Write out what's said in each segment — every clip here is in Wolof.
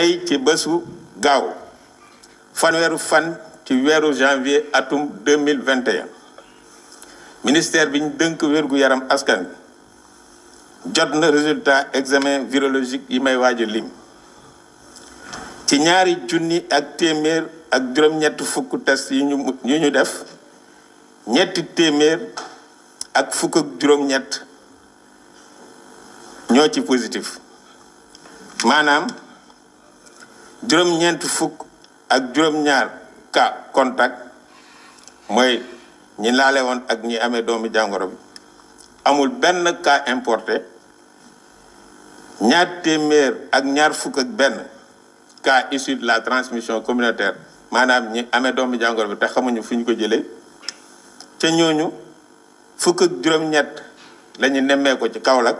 tey ci bésu gaaw fanweeru fan ci weeru janvier atum 2021 ministère bi ñu dënk wér yaram askan jot na résultat examen virologique yi may waaj lim ci ñaari junni ak téeméer ak juróom-ñetti fukk test yi ñu ñu def ñetti téeméer ak fukk ak juróom-ñett ñoo ci positif maanaam juróom-ñeent fukk ak juróom-ñaar cas contact mooy ñi laale woon ak ñi amee doomi jàngoro bi amul benn kaa importé ñaar téeméer ak ñaar fukk ak benn cas issu de la transmission communautaire maanaam ñi amee doomi jàngoro bi te xamuñu fi ñu ko jëlee ca ñooñu fukk ak juróom-ñett la nemmee ko ci Kaolack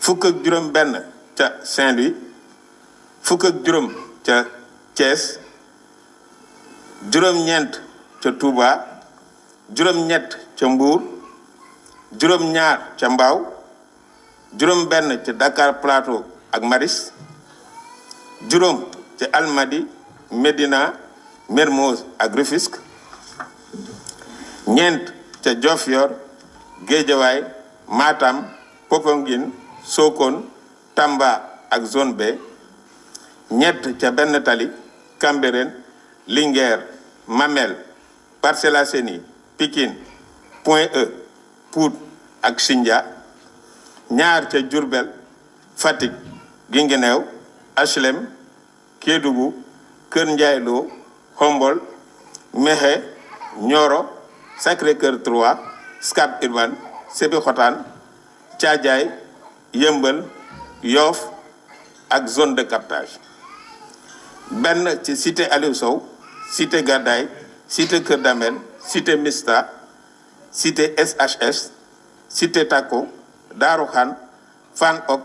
fukk ak juróom-benn ca Saint-Louis fukk ak juróom ca Thiès juróom-ñeent ca Touba juróom-ñett ca Mbour juróom-ñaar ca Mbao juróom-benn ca Dakar Plateau ak Maris juróom ca Almadi medina Mermoz ak Rufisque ñeent ca Diofior Guédiawaye Matam Popenguine sokon Tamba ak zone ñett ca benn tali Cambérène Linguère Mamel Parcelles Assainies Pikine Point E Pout ak Sindia ñaar ca Diourbel Fatick Guinguinéo HLM Kédougou Kër Ndiaye Lo Hombol Mékhé Nioro Sacré-Cœur 3 Scat Urbam Sébikotane Thiadiaye Yeumbeul Yoff ak zone de captage benn ci cité Aliou Sow cité Gadaye cité Kër Damel cité Mista cité SHS cité Tako Darou Khan Fan Ok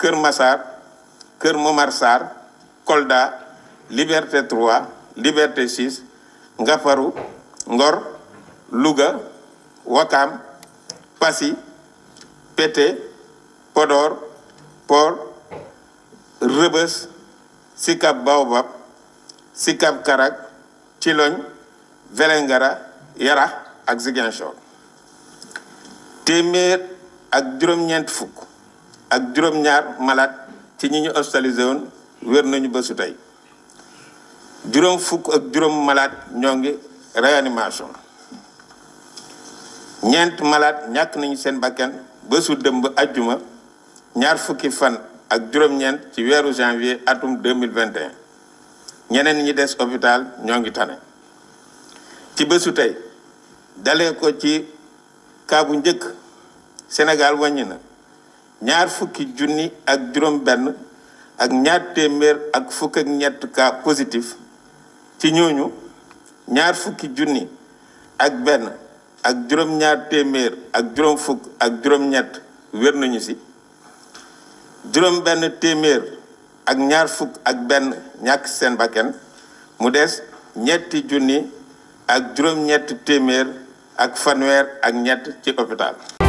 Kër Massar Kër Momar Kolda Liberté 3 Liberté 6 Ngafaru Ngor Louga Wakam Passy Pété Podor Port Rebeuss Sicap Baobab Sicap Karak Thilogne Vélingara Yarax ak Ziguinchor téeméer ak juróom-ñeent fukk ak juróom-ñaar malaat ci ñi ñu hospitalisé woon wér nañu bésu tey juróom fukk ak juróom malade ñoo ngi réanimation ñeent malaat ñàkk nañu seen bakken bésu dëmb ajjuma ñaar fukki fan ak juróom-ñeent ci weeru janvier atum 2021 ñeneen ñi des hôpital ñoo ngi tane ci bésu tey dalee ko ci cas njëkk Sénégal wàññi na ñaar fukki junni ak juróom benn ak ci ñooñu ñaar junni ak benn ak juróom-ñaar téeméer ak juróom fukk ak juróom-ñett wér nañu si juróom benn téeméer ak ñaar fukk ak benn ñàkk seen bakken mu des ñetti junni ak juróom-ñetti téeméer ak fanweer ak ñett ci hôpital